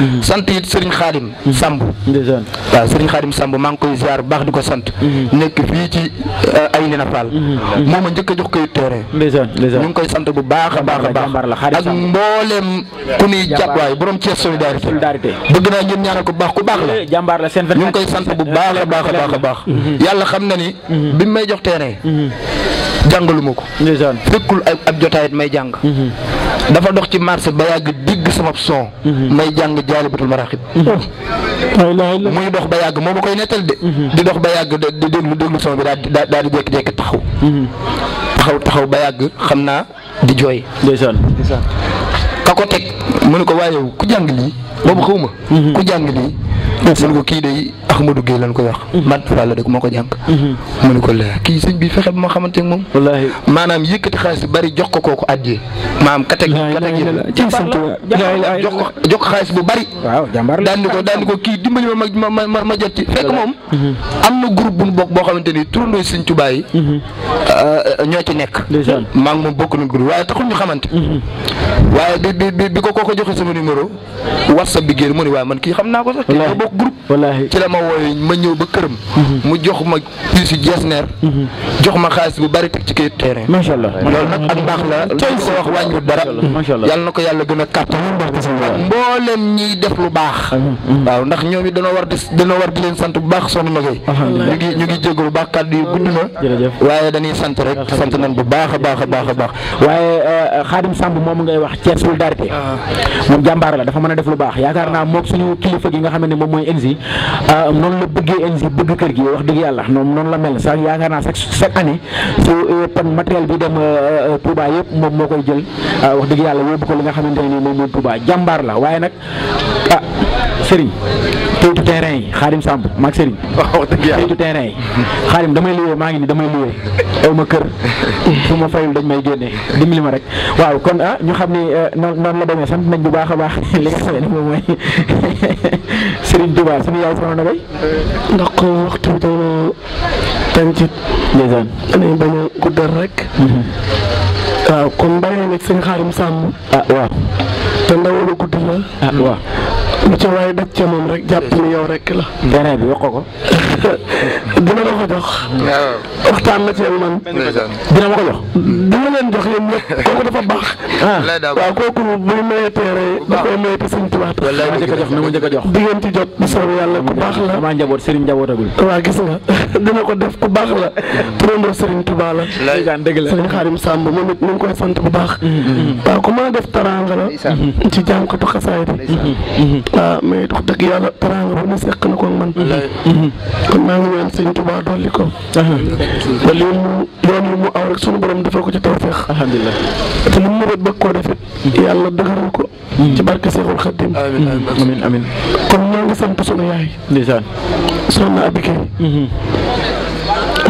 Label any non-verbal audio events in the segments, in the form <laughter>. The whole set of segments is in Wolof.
Mhm. sant it Serigne Khadim mhm. Samb waaw Serigne Khadim Samb maa ngi koy ziar bu baax di ko sant mhm. nekk fii ci euh, ay lina Fall moom a njëkk a jox koy teere ñu ngi koy sant bu baax a baax a baax ak mbooleem ku nuy jàpp waay borom Thiès solidarité bëgg naa ngeen ñaanal ko baax ku baax la jàmbaar la seen ñu ngi koy sant bu baax a baax a baax a baax yàlla xam na ni bi may jox teere ma ko ak ak jotaayit may jàng dafa dox ci marché ba yàgg dégg sama son. Mhm. may jàng jaalibatul maraaxib. Mhm. muy dox ba yàgg moom ma koy nettal de. Mhm. di dox ba yàgg di déglu déglu son bi daal di daal di jékki-jékki taxaw. taxaw taxaw ba yàgg xam naa di jooy. ndeysaan ka ko teg mu ne ko waaye ku jàng lii boobu xawma ku jàng lii. mun ko kii day Ahmadou Gueye lañ koy wax mhm. man Fall dëkk moo ko jànk mhm. mu ne ko la kii sëñ bi fexe ba ma xamante ak moom maanaam yëkkati xaalis bu bari jox ko kooku àjjee maanaam kateg kateg yi jox ko jox ko xaalis bu bari daan ni ko daan ni ko kii dimbali ma ma ma ma jot ci fekk moom mhm. am na group bu ñu bokk boo xamante ni turandoo sëñ Tuubaa yi euh, euh, ñoo ci nekk maa ngi moom bokk na groupe waaye taxul ñu xamante waaye bi bi bi ko kooku joxe sama numéro whatsapp bi génn mu ne waaye man kii xam naa ko sax. wallaahi kii bokk groupe. ci la ma wooyee ma ñëw ba këram. Mhm. mu jox ma puce yu jees neer. jox ma xaalis bu bari teg ci kayit terrain. macha allah loolu nag ak baax la. tey ko wax wàññiwut dara. macha allah yal na ko yàlla gën a kàttan. mboolem ñiy def lu baax. waaw ndax ñoom yi danoo war di danoo war di leen sant bu baax sonn ma koy. ñu ngi ñu ngi jégalu bu baax kàddu yi gudd na. jërëjëf waaye dañuy sant sant nañ bu baax baax a baax baax. Euh, wax Thiès solidarité ah. moom jàmbaar la dafa mën a def lu baax yaakaar ah. naa mook suñu kilifa gi nga xam ne moom mooy NJ ah, noonu la bëggee NJ bëgg kër gi wax dëgg yàlla noonu noonu la mel sax yaakaar naa chaque chaque année su euh, pan matériel bi dem euh, euh, Touba yëpp moom moo koy jël wax dëgg yàlla yóbbu ko li nga xamante ne nii moom mooy Touba jàmbaar la waaye nag ah Serigne teytu terrain yi xaarim Samb maag Serigne. Oh, waaw dëgg yi. xaarim damay luwee maa ngi ni damay luwee aw ma kër su ma fayul dañ may génne dimbali ma rek waaw kon ah ñu xam ni eh, noonu la demee sant nañ bu baax a baax <laughs> li nga xamee ne moom mooy <laughs> Serigne Touba suñu yaay soxna Ndeye. ndax waxtu bi dañoo tàncit. ndeysaan guddal rek. Mhm. waaw kon bàyyi nag seen xaarim Samb. ah waaw. te ndaw la gudd la. Ah, waaw. lu ca waaye daj ca moom rek jàpp ni yow rek la. terrain bi wax ko. <laughs> dina la ko jox. waxtaan na ci ak man. dina ma ko jox. leen jox yéen ñëpp kooku dafa baax. Ah. waaw kooku bu mayee teere dafay maye te sëñ tubaab. wallaay ma njëkk a ma njëkk a di ngeen yàlla ku baax la damaa njaboot Serigne njabootagul. waaw gis nga <laughs> dina ko def ku baax la. turandoo Serigne Touba la. dëgg la Serigne moom it ñu koy sant bu baax. Mm-hmm. Mm-hmm. waaw a la. Mm-hmm. ci jànkatu xasaay bi. waaw mais wax dëgg yàlla taraanga bu ne seq na ko man. kon maa ngi ñaan Serigne Touba lii mu yoon mu aw sunu borom defal ko ci taw tawféex. alhamdulilah te lu mu bëgg koo def it yàlla dëgëral ko. ci barke Seexul Xadim. amiin amiin amiin kon ñoo ngi sant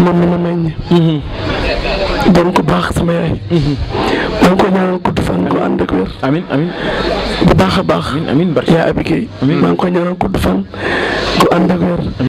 ma mhm. meññ. Mhm. doon baax sama yaay. maa mhm. ngi koy ñaanal gudd fan ko ànd ak wér. amiin bu baax a baax. yaa Abike. maa koy ñaanal gudd fan ko ànd